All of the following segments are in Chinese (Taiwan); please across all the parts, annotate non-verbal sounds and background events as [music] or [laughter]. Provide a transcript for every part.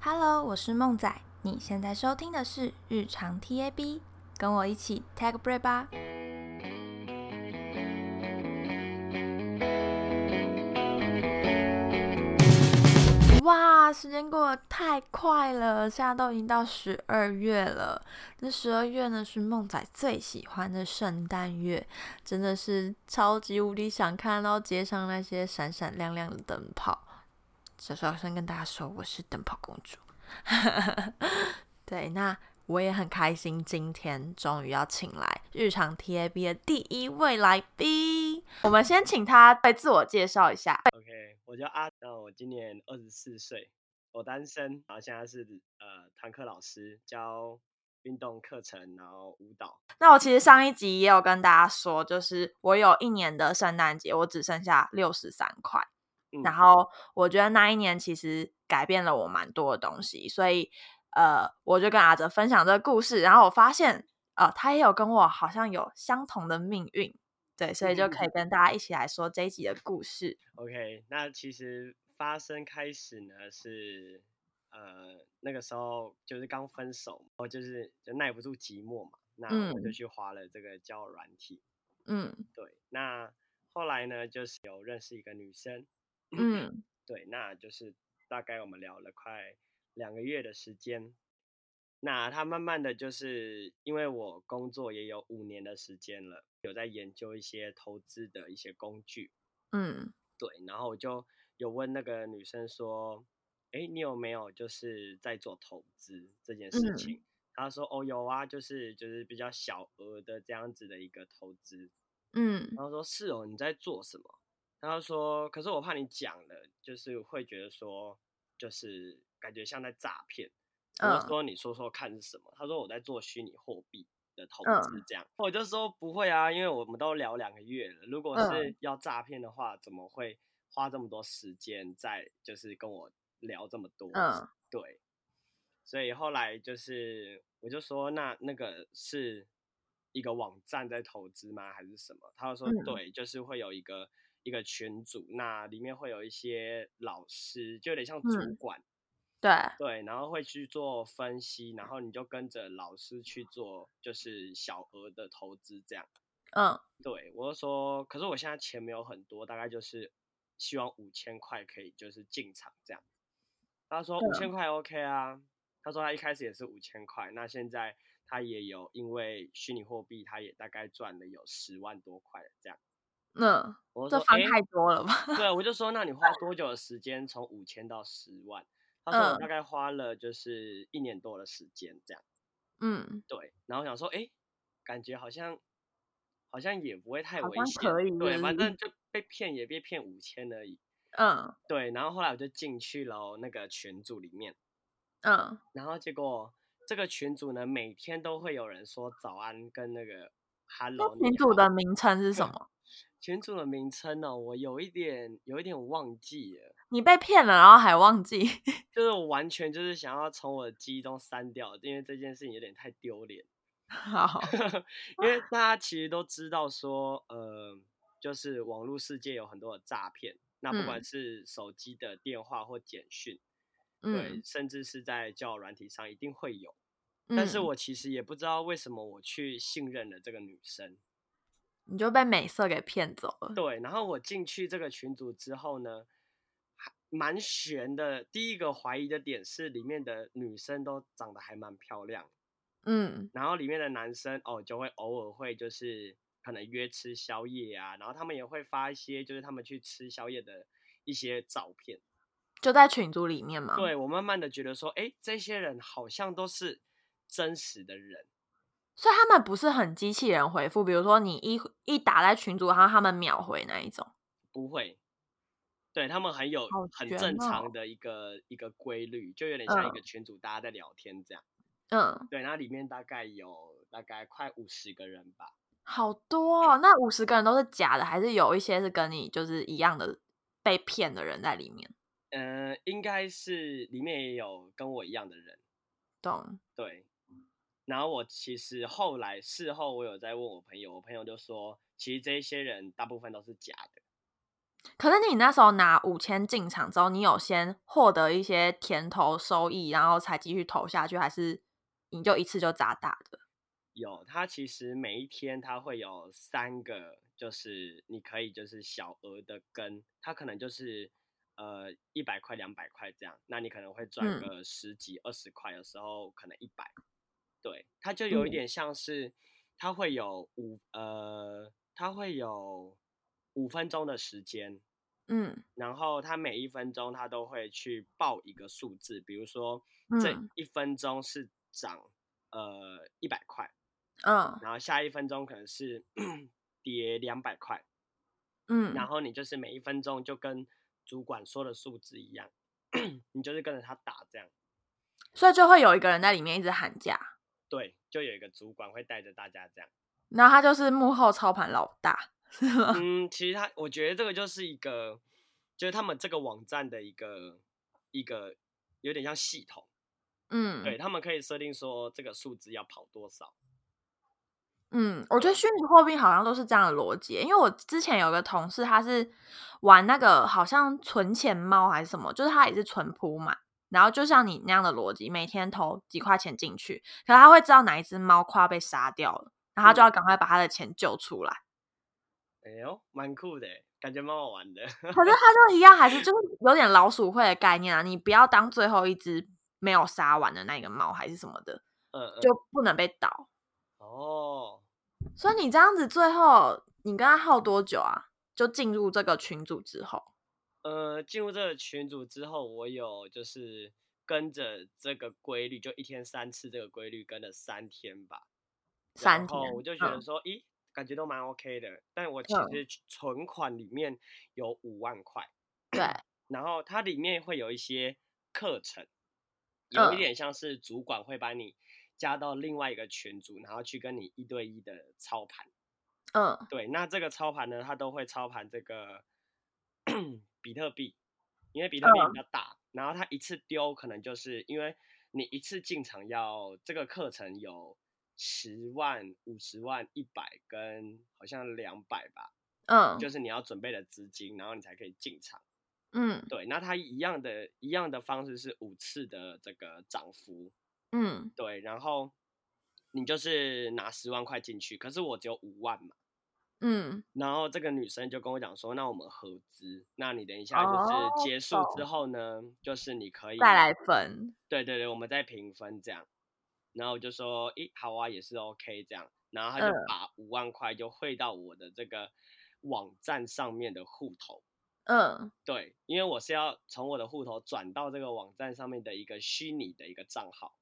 Hello，我是孟仔，你現在收聽的是日常 T A B，跟我一起 take a break 吧。哇，時間過得太快了，現在都已經到十二月了。那十二月呢，是孟仔最喜歡的聖誕月，真的是超級無敵想看到街上那些閃閃亮亮的燈泡。首先跟大家說，我是燈泡公主。 [laughs] 對，那我也很開心，今天終於要請來日常 TAB 的第一位來賓。 [laughs] 我們先請他來自我介紹一下。OK，我叫阿哲，然後，我今年二十四歲，我單身，然後現在是呃，團課老師，教運動課程，然後舞蹈。那我其實上一集也有跟大家說，就是我有一年的聖誕節，我只剩下六十三塊。然後我覺得那一年其實改變了我蠻多的東西，所以呃，我就跟阿哲分享這個故事。然後我發現，呃，他也有跟我好像有相同的命運，對，所以就可以跟大家一起來說這一集的故事。OK，那其實發生開始呢是，呃，那個時候就是剛分手，我就是就耐不住寂寞嘛，那我就去滑了這個交友軟體。嗯，對。那後來呢，就是有認識一個女生。嗯，對，那就是大概我們聊了快兩個月的時間。那他慢慢的就是因為我工作也有五年的時間了，有在研究一些投資的一些工具。嗯，對，然後我就有問那個女生說：“哎，你有沒有就是在做投資這件事情？”嗯，她說：“哦，有啊，就是就是比較小額的這樣子的一個投資。”嗯，然後說：“是哦，你在做什麼？”他就說：“可是我怕你講了，就是會覺得說，就是感覺像在詐騙。我、uh, 說：你說說看是什麼？他說我在做虛擬貨幣的投資，uh, 這樣。我就說不會啊，因為我們都聊兩個月了，如果是要詐騙的話，怎麼會花這麼多時間在就是跟我聊這麼多？Uh, 對。所以後來就是我就說那那個是一個網站在投資嗎？還是什麼？他就說對、嗯，就是會有一個。”一個群組，那裡面會有一些老師，就有點像主管，嗯、對對，然後會去做分析，然後你就跟着老師去做，就是小額的投資這樣。嗯，對，我就說，可是我現在錢沒有很多，大概就是希望五千塊可以就是進場這樣。他說五千塊 OK 啊，他說他一開始也是五千塊，那現在他也有，因為虛擬貨幣，他也大概賺了有十萬多塊這樣。嗯，我說這花太多了吧、欸？對，我就說，那你花多久的時間從五千到十萬、嗯？他說我大概花了就是一年多的時間，這樣。嗯，對。然後想說，哎、欸，感覺好像好像也不會太危險，可以。對是是，反正就被騙也被騙五千而已。嗯，對。然後後來我就進去了那個群組裡面。嗯。然後結果這個群組呢，每天都會有人說早安跟那個哈嘍。群組的名稱是什麼？群主的名稱呢、喔？我有一點，有一點我忘記了。你被騙了，然後還忘記？就是我完全就是想要從我的記憶中刪掉，因為這件事情有點太丟臉。好，好， [laughs] 因為大家其實都知道說，呃，就是網絡世界有很多的詐騙，那不管是手機的電話或簡訊、嗯，對、嗯，甚至是在交友軟體上一定會有。但是我其實也不知道為什麼我去信任了這個女生。你就被美色給騙走了。對，然後我進去這個群組之後呢，還蠻懸的。第一個懷疑的點是，裡面的女生都長得還蠻漂亮，嗯，然後裡面的男生哦，就會偶爾會就是可能約吃宵夜啊，然後他們也會發一些就是他們去吃宵夜的一些照片，就在群組裡面嗎？對，我慢慢的覺得說，哎，這些人好像都是真實的人。所以他們不是很機器人回復，比如說你一一打在群組，然後他們秒回那一種，不會，對他們很有、喔、很正常的一個一個規律，就有點像一個群組大家在聊天這樣，嗯，對，那裡面大概有大概快五十個人吧，好多、哦，那五十個人都是假的，還是有一些是跟你就是一樣的被騙的人在裡面？嗯、呃，應該是裡面也有跟我一樣的人，懂對。然後我其實後來事後我有在問我朋友，我朋友就說，其實這些人大部分都是假的。可是你那時候拿五千進場之後，你有先獲得一些甜頭收益，然後才繼續投下去，還是你就一次就砸大的？有，它其實每一天它會有三個，就是你可以就是小額的跟，它可能就是呃一百塊、兩百塊這樣，那你可能會賺個十幾、嗯、二十塊的時候，可能一百。對，他就有一點像是，嗯、他會有五呃，他會有五分鐘的時間，嗯，然後他每一分鐘他都會去報一個數字，比如說這一分鐘是漲、嗯、呃一百塊，嗯，然後下一分鐘可能是跌兩百塊，嗯，然後你就是每一分鐘就跟主管說的數字一樣， [coughs] 你就是跟着他打這樣，所以就會有一個人在裡面一直喊價。對，就有一個主管會帶着大家這樣，然後他就是幕後操盤老大，嗯，其實他我覺得這個就是一個，就是他們這個網站的一個一個有點像系統，嗯，對他們可以設定說這個數字要跑多少。嗯，我覺得虛擬貨幣好像都是這樣的邏輯，因為我之前有個同事他是玩那個好像存錢貓還是什麼，就是他也是存鋪嘛。然後就像你那樣的邏輯，每天投幾塊錢進去，可他會知道哪一隻貓快要被殺掉了，然後他就要趕快把他的錢救出來。嗯、哎呦，蠻酷的感覺，蠻好玩的。 [laughs] 可是他就一樣，還是就是有點老鼠會的概念啊！你不要當最後一隻沒有殺完的那個貓，還是什麼的、嗯嗯，就不能被倒。哦，所以你這樣子，最後你跟他耗多久啊？就進入這個群組之後。呃，進入這個群組之後，我有就是跟着這個規律，就一天三次這個規律，跟了三天吧。三天。然後我就覺得說，嗯、咦，感覺都蠻 OK 的。但我其實存款裡面有五萬塊。對、嗯。然後它裡面會有一些課程，嗯、有一點像是主管會把你加到另外一個群組，然後去跟你一對一的操盤。嗯。對，那這個操盤呢，他都會操盤這個。 [coughs] 比特幣，因為比特幣比較大，uh. 然後它一次丟可能就是因為你一次進場要這個課程有十萬、五十萬、一百跟好像兩百吧，嗯、uh.，就是你要準備的資金，然後你才可以進場，嗯、um.，對。那它一樣的，一樣的方式是五次的這個漲幅，嗯、um.，對。然後你就是拿十萬塊進去，可是我只有五萬嘛。嗯，然後這個女生就跟我講說，那我們合資，那你等一下就是結束之後呢，哦，就是你可以再來分，對對對，我們再平分這樣。然後就說，咦，好啊，也是 OK 這樣。然後他就把五萬塊就匯到我的這個網站上面的戶頭。嗯，對，因為我是要從我的戶頭轉到這個網站上面的一個虛擬的一個賬號。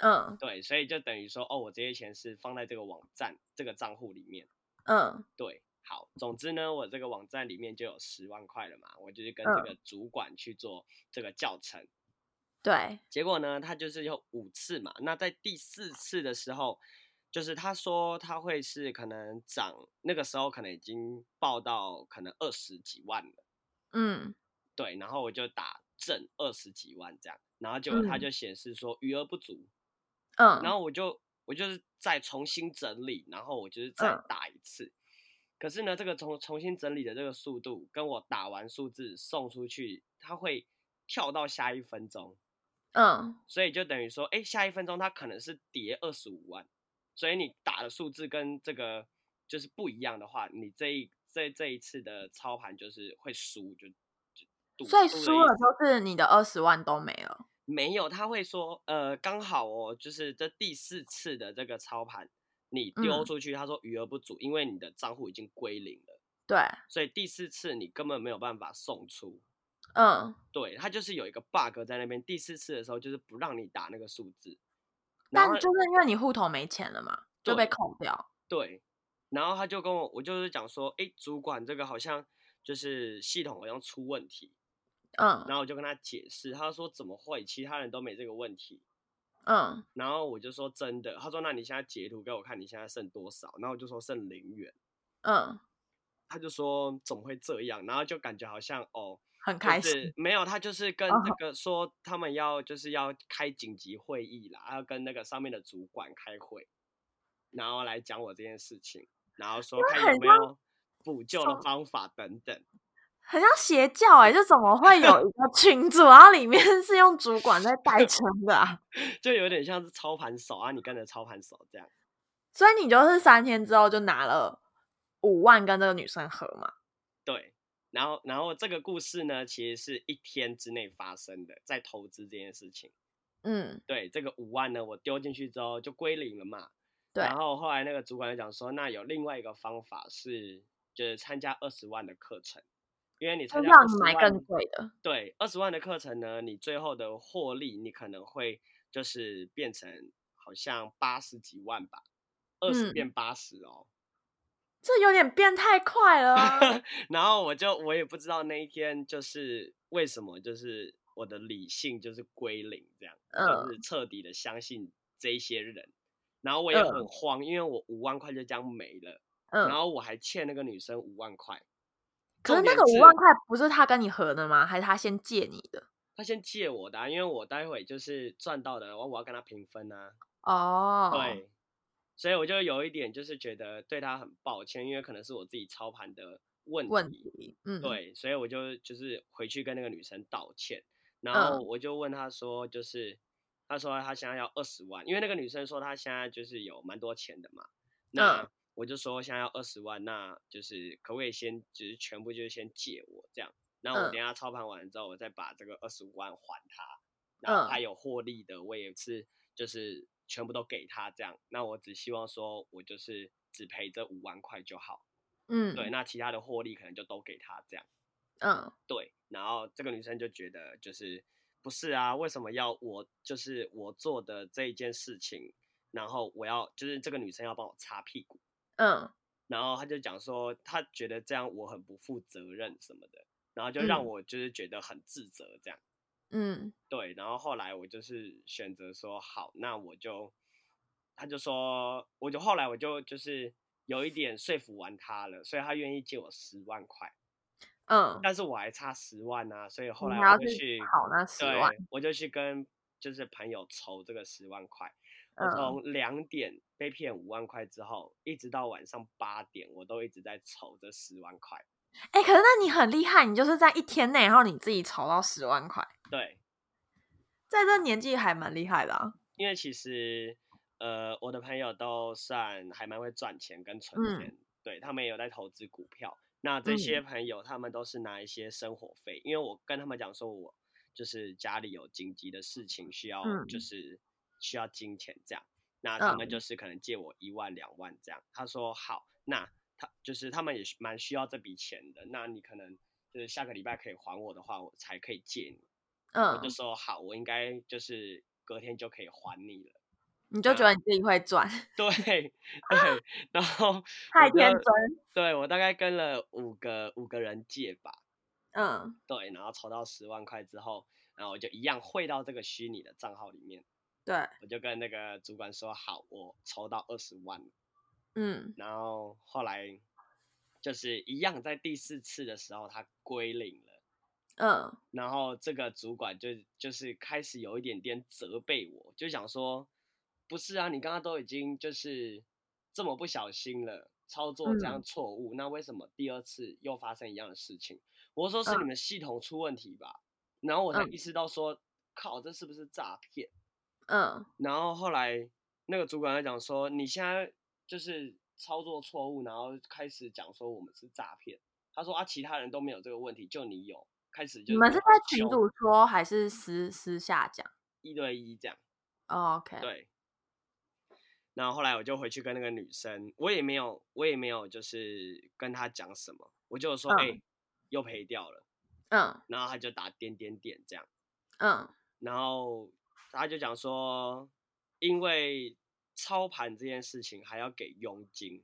嗯，對，所以就等於說，哦，我這些錢是放在這個網站這個賬戶裡面。嗯，對，好，總之呢，我這個網站裡面就有十萬塊了嘛，我就是跟這個主管去做這個教程，對、嗯，結果呢，他就是有五次嘛，那在第四次的時候，就是他說他會是可能漲，那個時候可能已經報到可能二十幾萬了，嗯，對，然後我就打正二十幾萬這樣，然後結果他就顯示說餘額不足，嗯，然後我就。我就是再重新整理，然後我就是再打一次。嗯、可是呢，這個重重新整理的這個速度，跟我打完數字送出去，它會跳到下一分鐘。嗯，所以就等於說，哎、欸，下一分鐘它可能是跌二十五萬，所以你打的數字跟這個就是不一樣的話，你這一這這一次的操盤就是會輸，就就所以輸了就是你的二十萬都沒了。沒有，他會說，呃，剛好哦，就是這第四次的這個操盤，你丟出去，嗯，他說餘額不足，因為你的賬戶已經歸零了。對，所以第四次你根本沒有辦法送出。嗯，對，他就是有一個 bug 在那邊，第四次的時候就是不讓你打那個數字。但就是因為你戶頭沒錢了嘛，就被扣掉。對，對，然後他就跟我，我就是講說，誒，主管，這個好像就是系統好像出問題。嗯、uh,，然後我就跟他解釋，他說怎麼會？其他人都沒這個問題。嗯、uh,，然後我就說真的。他說那你現在截圖給我看，你現在剩多少？然後我就說剩零元。嗯、uh,，他就說怎麼會這樣？然後就感覺好像哦很開心，就是。沒有，他就是跟那個說他們要，uh, 就是要開緊急會議啦，uh, 要跟那個上面的主管開會，然後來講我這件事情，然後說看有沒有補救的方法等等。很像邪教哎、欸，這怎麼會有一個群主？ [laughs] 然後裡面是用主管在帶稱的，啊， [laughs] 就有點像是操盤手啊，你跟着操盤手這樣。所以你就是三天之後就拿了五萬跟這個女生合嘛。對，然後然後這個故事呢，其實是一天之內發生的，在投資這件事情。嗯，對，這個五萬呢，我丟進去之後就歸零了嘛。對，然後後來那個主管就講說，那有另外一個方法是，就是參加二十萬的課程。因為你才要你買更貴的，對二十萬的課程呢，你最後的獲利你可能會就是變成好像八十幾萬吧，二十變八十哦，這有點變太快了。 [laughs] 然後我就我也不知道那一天就是為什麼，就是我的理性就是歸零，這樣、呃、就是徹底的相信這些人。然後我也很慌，呃、因為我五萬塊就這樣沒了、呃，然後我還欠那個女生五萬塊。可是那個五萬塊不是他跟你合的嗎？還是他先借你的？他先借我的、啊，因為我待會就是賺到的，我我要跟他平分啊。哦、oh.，對，所以我就有一點就是覺得對他很抱歉，因為可能是我自己操盤的問題，問題。嗯，對，所以我就就是回去跟那個女生道歉，然後我就問他說，就是、uh. 他說他現在要二十萬，因為那個女生說她現在就是有蠻多錢的嘛。那、uh. 我就說，現在要二十萬，那就是可不可以先，就是全部就是先借我這樣。那我等下操盤完之後，我再把這個二十五萬還他。然後還有獲利的，我也是就是全部都給他這樣。那我只希望說，我就是只賠這五萬塊就好。嗯，對，那其他的獲利可能就都給他這樣。嗯，對。然後這個女生就覺得就是不是啊，為什麼要我就是我做的這一件事情，然後我要就是這個女生要幫我擦屁股。嗯，然後他就講說，他覺得這樣我很不負責任什麼的，然後就讓我就是覺得很自責這樣。嗯，嗯對。然後後來我就是選擇說，好，那我就，他就說，我就後來我就就是有一點說服完他了，所以他願意借我十萬塊。嗯，但是我還差十萬呢、啊，所以後來我就去好那十萬對，我就去跟就是朋友籌這個十萬塊。我從兩點被騙五萬塊之後，一直到晚上八點，我都一直在籌這十萬塊。哎、欸，可是那你很厲害，你就是在一天內，然後你自己籌到十萬塊。對，在這年紀還蠻厲害的、啊。因為其實，呃，我的朋友都算還蠻會賺錢跟存錢，嗯、對他們也有在投資股票。那這些朋友他們都是拿一些生活費、嗯，因為我跟他們講說，我就是家裡有緊急的事情需要，就是、嗯。需要金錢這樣，那他們就是可能借我一萬兩萬這樣，嗯。他說好，那他就是他們也蠻需要這筆錢的。那你可能就是下個禮拜可以還我的話，我才可以借你。嗯，我就說好，我應該就是隔天就可以還你了。你就覺得你自己會賺？對對，然後太天真。對，我大概跟了五個五個人借吧。嗯，對，然後籌到十萬塊之後，然後我就一樣匯到這個虛擬的賬號裡面。對，我就跟那個主管說好，我籌到二十萬了，嗯，然後後來就是一樣，在第四次的時候他歸零了，嗯，然後這個主管就就是開始有一點點責備我，就想說，不是啊，你剛剛都已經就是這麼不小心了，操作這樣錯誤，嗯，那為什麼第二次又發生一樣的事情？我說是你們系統出問題吧，嗯，然後我才意識到說，靠，這是不是詐騙？嗯，然後後來那個主管在講說，你現在就是操作錯誤，然後開始講說我們是詐騙。他說啊，其他人都沒有這個問題，就你有。開始就，你們是在群組說，還是私私下講？一對一這樣。Oh, OK。對。然後後來我就回去跟那個女生，我也沒有，我也沒有就是跟她講什麼，我就說哎、嗯，欸、又賠掉了。嗯。然後她就打點點點這樣。嗯。然後。他就講說，因為操盤這件事情還要給佣金，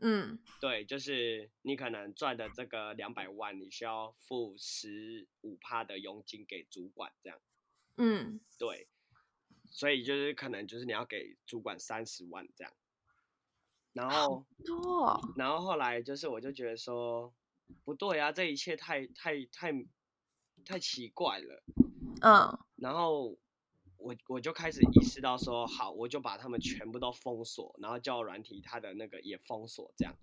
嗯，對，就是你可能賺的這個兩百萬，你需要付十五趴的佣金給主管，這樣，嗯，對，所以就是可能就是你要給主管三十萬這樣，然後、啊、然後後來就是我就覺得說，不對啊，這一切太太太太奇怪了，嗯、哦，然後。我我就開始意識到說，好，我就把他們全部都封鎖，然後交友軟體它的那個也封鎖，這樣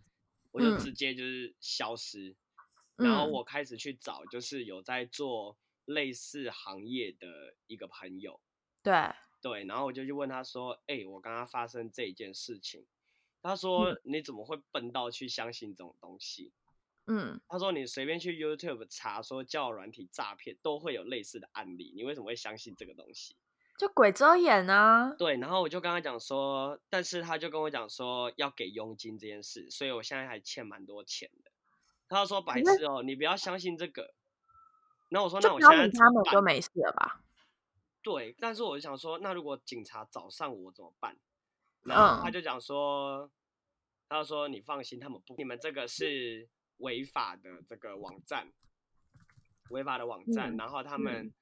我就直接就是消失。嗯、然後我開始去找，就是有在做類似行業的一個朋友。對對，然後我就去問他說，哎、欸，我剛剛發生這一件事情。他說，你怎麼會笨到去相信這種東西？嗯，他說你隨便去 YouTube 查說叫，說交友軟體詐騙都會有類似的案例，你為什麼會相信這個東西？就鬼遮眼啊！對，然後我就跟他講說，但是他就跟我講說要給佣金這件事，所以我現在還欠蠻多錢的。他就說：“白癡哦，你不要相信這個。”然後我說：“那我相信他們就沒事了吧？”對，但是我就想說，那如果警察找上我怎麼辦？然後他就講說：“嗯、他就說你放心，他們不，你們這個是違法的這個網站，違法的網站。嗯”然後他們、嗯。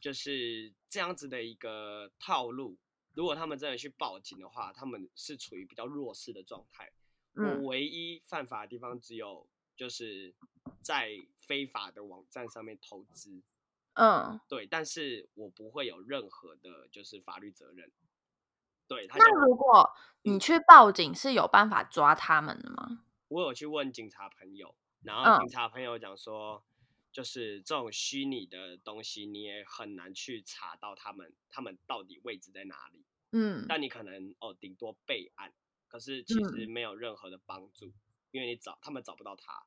就是這樣子的一個套路。如果他們真的去報警的話，他們是處於比較弱勢的狀態。我唯一犯法的地方只有就是在非法的網站上面投資。嗯，對，但是我不會有任何的就是法律責任。對，他這樣子。那如果你去報警是有辦法抓他們的嗎？我有去問警察朋友，然後警察朋友講說。嗯就是這種虛擬的東西，你也很難去查到他們，他們到底位置在哪裡？嗯，但你可能哦，頂多備案，可是其實沒有任何的幫助，嗯，因為你找他們找不到他。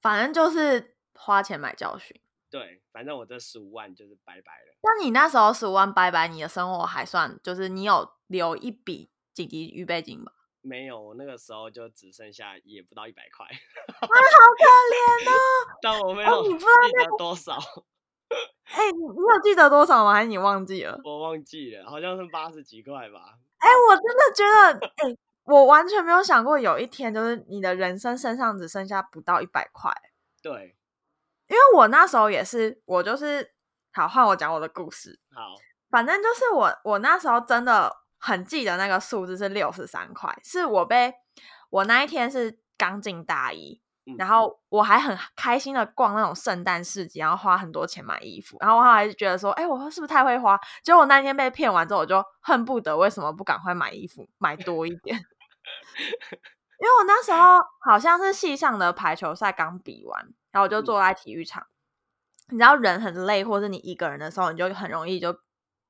反正就是花錢買教訓。對，反正我這十五萬就是拜拜了。那你那時候十五萬拜拜，你的生活還算，就是你有留一筆緊急預備金嗎？沒有，我那個時候就只剩下也不到一百塊，哇， [laughs] 好可憐哦、啊！但我沒有，你記得多少？哎、哦，你、欸、你有記得多少嗎？還是你忘記了？我忘記了，好像是八十幾塊吧。哎、欸，我真的覺得，哎、 [laughs] 欸，我完全沒有想過有一天，就是你的人生身上只剩下不到一百塊。對，因為我那時候也是，我就是，好，換我講我的故事。好，反正就是我，我那時候真的。很記得那個數字是六十三塊，是我被我那一天是剛進大一，嗯，然後我還很開心的逛那種聖誕市集，然後花很多錢買衣服，然後我後來就覺得說，哎，我是不是太會花？結果我那一天被騙完之後，我就恨不得為什麼不趕快買衣服買多一點， [laughs] 因為我那時候好像是系上的排球賽剛比完，然後我就坐在體育場，嗯，你知道人很累，或是你一個人的時候，你就很容易就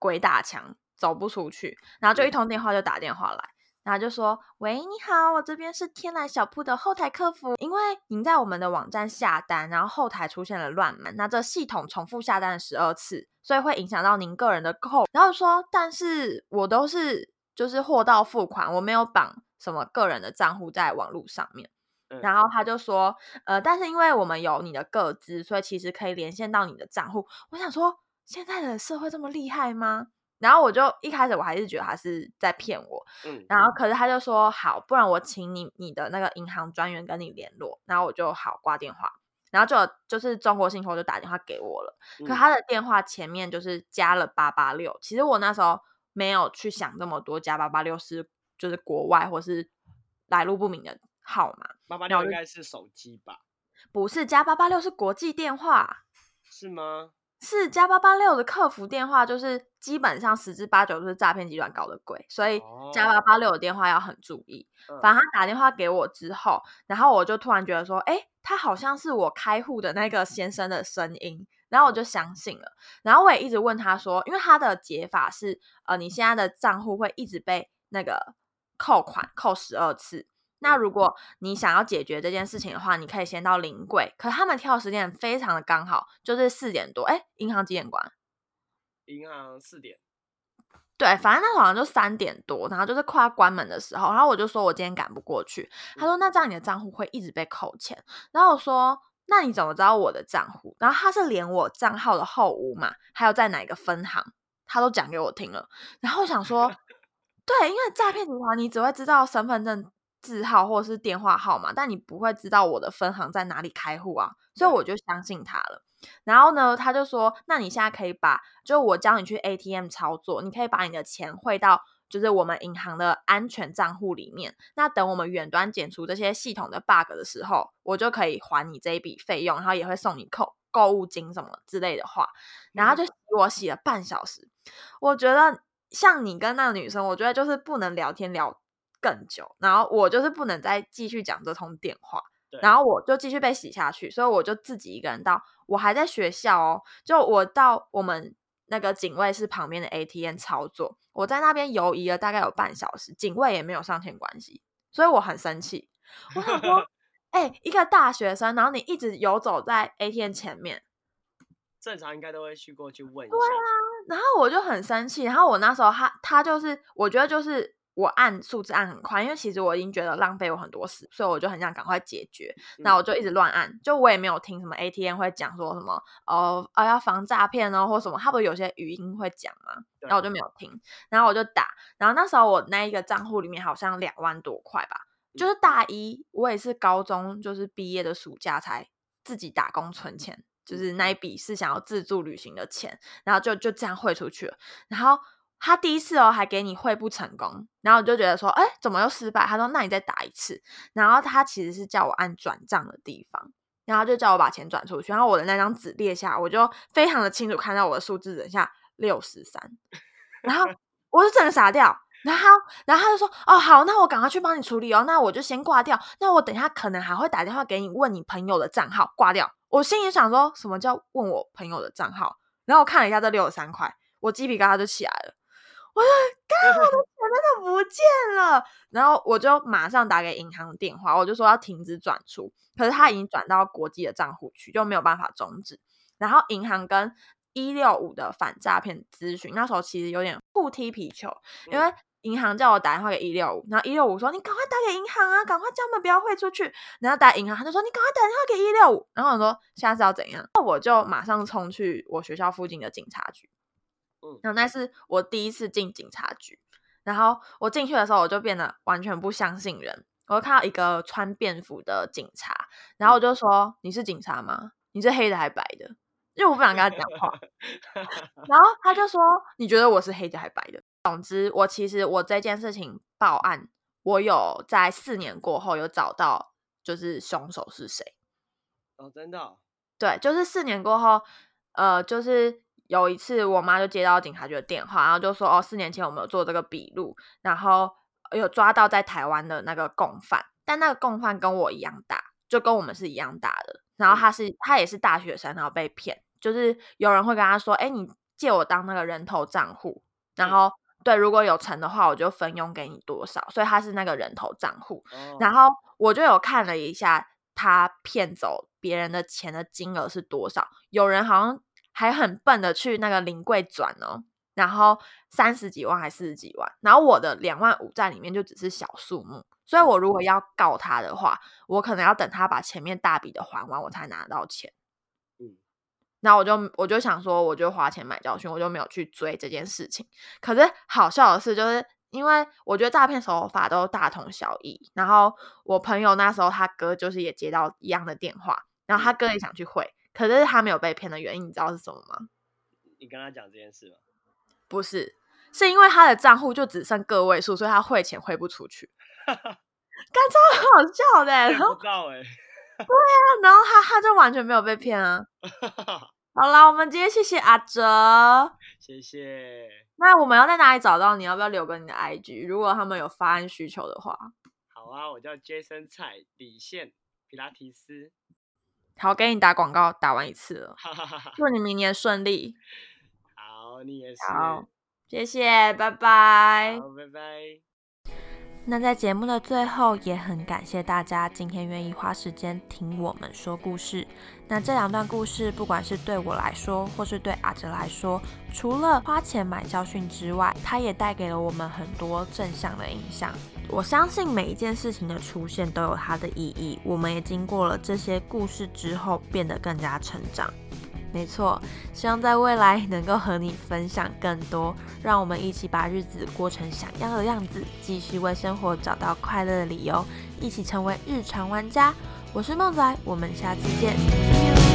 鬼打牆，走不出去，然後就一通電話就打電話來，然後就說：“喂，你好，我這邊是天藍小舖的後台客服，因為您在我們的網站下單，然後後台出現了亂碼，那這系統重複下單了十二次，所以會影響到您個人的扣。”然後說：“但是我都是就是貨到付款，我沒有綁什麼個人的賬戶在網絡上面。嗯”然後他就說：“呃，但是因為我們有你的個資，所以其實可以連線到你的賬戶。”我想說，現在的社會這麼厲害嗎？然後我就一開始我還是覺得他是在騙我，嗯，然後可是他就說好，不然我請你你的那個銀行專員跟你聯絡，然後我就好掛電話，然後就就是中國信托就打電話給我了，嗯，可他的電話前面就是加了八八六，其實我那時候沒有去想這麼多，加八八六是就是國外或是來路不明的號碼，八八六應該是手機吧？不是，加八八六是國際電話，是嗎？是加八八六的客服電話，就是基本上十之八九都是詐騙集團搞的鬼，所以加八八六的電話要很注意。反正他打電話給我之後，然後我就突然覺得說，誒，他好像是我開戶的那個先生的聲音，然後我就相信了。然後我也一直問他說，因為他的解法是，呃，你現在的賬戶會一直被那個扣款扣十二次。那如果你想要解決這件事情的話，你可以先到臨櫃。可是他們跳的時間非常的剛好，就是四點多。哎、欸，銀行幾點關？銀行四點。對，反正那好像就三點多，然後就是快要關門的時候。然後我就說我今天趕不過去。他說那這樣你的賬戶會一直被扣錢。然後我說那你怎麼知道我的賬戶？然後他是連我賬號的後五碼，還有在哪一個分行，他都講給我聽了。然後我想說， [laughs] 對，因為詐騙的話你只會知道身份證。字號或者是電話號碼，但你不會知道我的分行在哪裡開戶啊，所以我就相信他了。嗯。然後呢，他就說：“那你現在可以把，就我教你去 ATM 操作，你可以把你的錢匯到就是我們銀行的安全賬戶裡面。那等我們遠端檢出這些系統的 bug 的時候，我就可以還你這一筆費用，然後也會送你扣購物金什麼之類的話。”然後就我洗了半小時。嗯。我覺得像你跟那個女生，我覺得就是不能聊天聊更久，然後我就是不能再繼續講這通電話，然後我就繼續被洗下去，所以我就自己一個人到，我還在學校哦，就我到我們那個警衛室旁邊的 ATM 操作，我在那邊游移了大概有半小時，警衛也沒有上前關係，所以我很生氣，我想說，哎、 [laughs] 欸，一個大學生，然後你一直游走在 ATM 前面，正常應該都會去過去問一下，對啊，然後我就很生氣，然後我那時候他他就是我覺得就是。我按數字按很快，因為其實我已經覺得浪費我很多時間，所以我就很想趕快解決。那我就一直亂按，就我也沒有聽什麼 ATM 會講說什麼哦哦，要防詐騙哦或什麼，他不是有些語音會講嗎？然後我就沒有聽，然後我就打。然後那時候我那一個賬戶裡面好像兩萬多塊吧，就是大一我也是高中就是畢業的暑假才自己打工存錢，嗯、就是那一筆是想要自助旅行的錢，然後就就這樣匯出去了，然後。他第一次哦，還給你匯不成功，然後我就覺得說，哎，怎麼又失敗？他說，那你再打一次。然後他其實是叫我按轉賬的地方，然後就叫我把錢轉出去。然後我的那張紙列下，我就非常的清楚看到我的數字，等下六十三。然後我就整個傻掉。然後，然後他就說，哦，好，那我趕快去幫你處理哦。那我就先掛掉。那我等一下可能還會打電話給你問你朋友的賬號。掛掉，我心裡想說什麼叫問我朋友的賬號？然後我看了一下這六十三塊，我雞皮疙瘩就起來了。我的，我的錢真的不見了，然後我就馬上打給銀行電話，我就說要停止轉出，可是他已經轉到國際的賬戶去，就沒有辦法終止。然後銀行跟一六五的反詐騙諮詢，那時候其實有點互踢皮球，因為銀行叫我打電話給一六五，然後一六五說你趕快打給銀行啊，趕快叫他們不要匯出去。然後打銀行，他就說你趕快打電話給一六五，然後我說下次要怎樣，那我就馬上衝去我學校附近的警察局。然、嗯、那是我第一次進警察局，然後我進去的時候，我就變得完全不相信人。我就看到一個穿便服的警察，然後我就說、嗯：“你是警察嗎？你是黑的還白的？”因為我不想跟他講話。 [laughs] 然後他就說：“你覺得我是黑的還白的？”總之，我其實我這件事情報案，我有在四年過後有找到，就是兇手是誰。哦，真的、哦？對，就是四年過後，呃，就是。有一次，我媽就接到警察局的電話，然後就說：“哦，四年前我們有做這個筆錄，然後有抓到在台灣的那個共犯，但那個共犯跟我一樣大，就跟我們是一樣大的。然後他是他也是大學生，然後被騙，就是有人會跟他說：‘哎，你借我當那個人頭賬戶，然後對，如果有成的話，我就分佣給你多少。’所以他是那個人頭賬戶。然後我就有看了一下他騙走別人的錢的金額是多少，有人好像。”還很笨的去那個臨櫃轉哦，然後三十幾萬還四十幾萬，然後我的兩萬五在裡面就只是小數目，所以我如果要告他的話，我可能要等他把前面大筆的還完，我才拿到錢。嗯，然後我就我就想說，我就花錢買教訓，我就沒有去追這件事情。可是好笑的是，就是因為我覺得詐騙手法都大同小異，然後我朋友那時候他哥就是也接到一樣的電話，然後他哥也想去匯。可是他沒有被騙的原因，你知道是什麼嗎？你跟他講這件事嗎？不是，是因為他的賬戶就只剩個位數，所以他匯錢匯不出去。 [laughs] 剛才好笑的，不知道哎。對啊，然後他他就完全沒有被騙啊。 [laughs] 好啦，我們今天謝謝阿哲，謝謝。那我們要在哪裡找到你？要不要留個你的 IG？如果他們有發案需求的話。好啊，我叫 Jason 蔡，底線，皮拉提斯。好，給你打廣告，打完一次了。 [laughs] 祝你明年順利。好，你也是。好，謝謝，拜拜。好，拜拜。那在節目的最後，也很感謝大家今天願意花時間聽我們說故事。那這兩段故事，不管是對我來說，或是對阿哲來說，除了花錢買教訓之外，它也帶給了我們很多正向的影響。我相信每一件事情的出現都有它的意義，我們也經過了這些故事之後變得更加成長。沒錯，希望在未來能夠和你分享更多，讓我們一起把日子過成想要的樣子，繼續為生活找到快樂的理由，一起成為日常玩家。我是孟仔，我們下次見。